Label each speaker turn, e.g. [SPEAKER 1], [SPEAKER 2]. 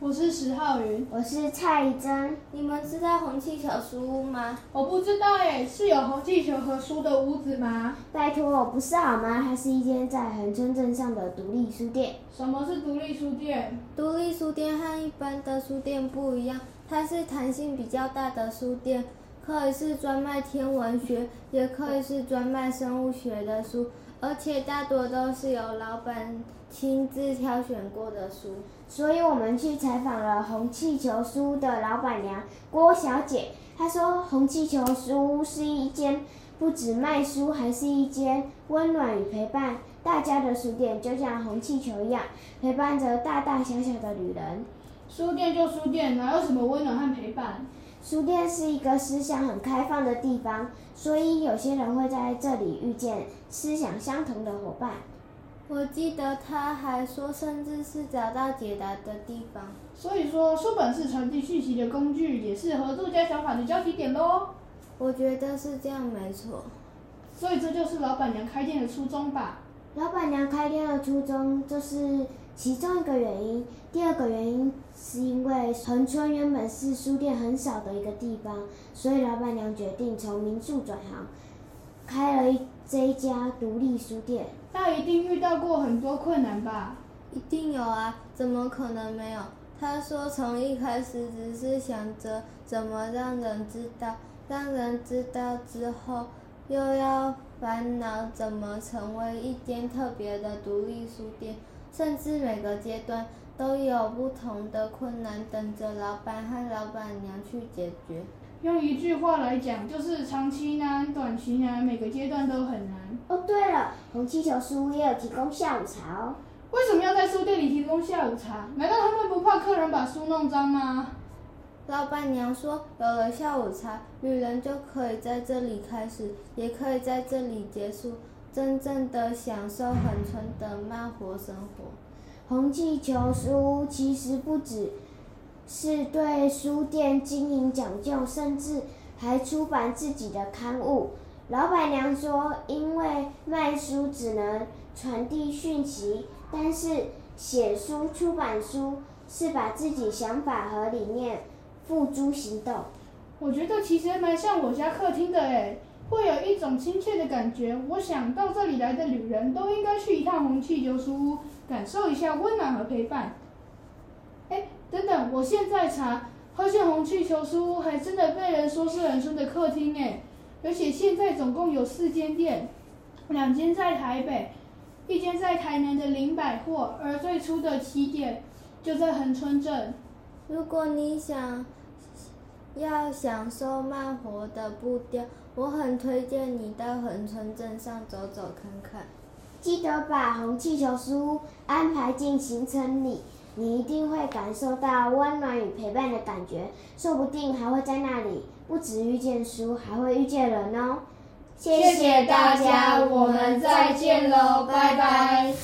[SPEAKER 1] 我是石浩雲，我是蔡真。你們知道紅氣球書屋嗎？我不知道誒，是有紅氣球和書的屋子嗎？拜託我，我不是好嗎？它是一間在恆春鎮上的獨立書店。
[SPEAKER 2] 什麼是獨立書店？獨
[SPEAKER 1] 立書店和一般的書店不一樣，它是彈性比較大的書店。可以是專賣天文學，也可以是專賣生物學的書，而且大多都是由老板親自挑選過的書。所以我們去採訪了紅氣球書屋的老板娘郭小姐，她說：“紅氣球書屋是一間不止賣書，還是一間溫暖與陪伴大家的書店，就像紅氣球一樣，陪伴着大大小小的旅人。”書店就書店，哪有什麼溫暖和陪伴？書店是一個思想很開放的地方，所以有些人會在這裡遇見思想相同的伙伴。我記得他還說，
[SPEAKER 2] 甚至是找到解答的地方。所以說，書本是傳遞訊息的工具，也是合作家想法的交集點嘍。我覺得是這樣，沒錯。所以這就是老闆娘開店的初衷吧？
[SPEAKER 1] 老闆娘開店的初衷就是。其中一個原因，第二個原因是因為恆春原本是書店很少的一個地方，所以老闆娘決定從民宿轉行，開了一這一家獨立書店。那一定遇到過很多困難吧？一定有啊，怎麼可能沒有？她說，從一開始只是想着怎麼讓人知道，讓人知道之後，又要煩惱怎麼成為一間特別的獨立書店。甚至每個階段都有不同的困難等着老闆和老闆娘去
[SPEAKER 2] 解決。用一句話來講，就是長期難、啊、短期難、啊，每個階段都很難。哦，對了，紅氣球書屋也有提供下午茶哦。為什麼要在書店裡提供下午茶？難道他們不怕客人把書弄髒嗎？老闆
[SPEAKER 1] 娘說，有了下午茶，旅人就可以在這裡開始，也可以在這裡結束。真正的享受很純的慢活生活。紅氣球書其實不只是對書店經營講究，甚至還出版自己的刊物。老板娘說，因為賣書只能傳遞訊息，但是寫書、出版書是把自己想法和理念付諸
[SPEAKER 2] 行動。我覺得其實還蠻像我家客廳的哎。會有一種親切的感覺。我想到這裡來的旅人都應該去一趟紅氣球書屋，感受一下溫暖和陪伴。哎，等等，我現在查，發現紅氣球書屋還真的被人說是恆春的客廳哎，而且現在總共有四間店，兩間在台北，一間在台南的林百貨，而最初的起點就在恆春鎮。
[SPEAKER 1] 如果你想。要享受慢活的步調，我很推薦你到恆春鎮上走走看看。記得把紅氣球書安排進行程裡，你一定會感受到溫暖與陪伴的感覺。說不定還會在那裡不止遇見書，還會遇見人哦。謝謝大家，我們再見嘍，拜拜。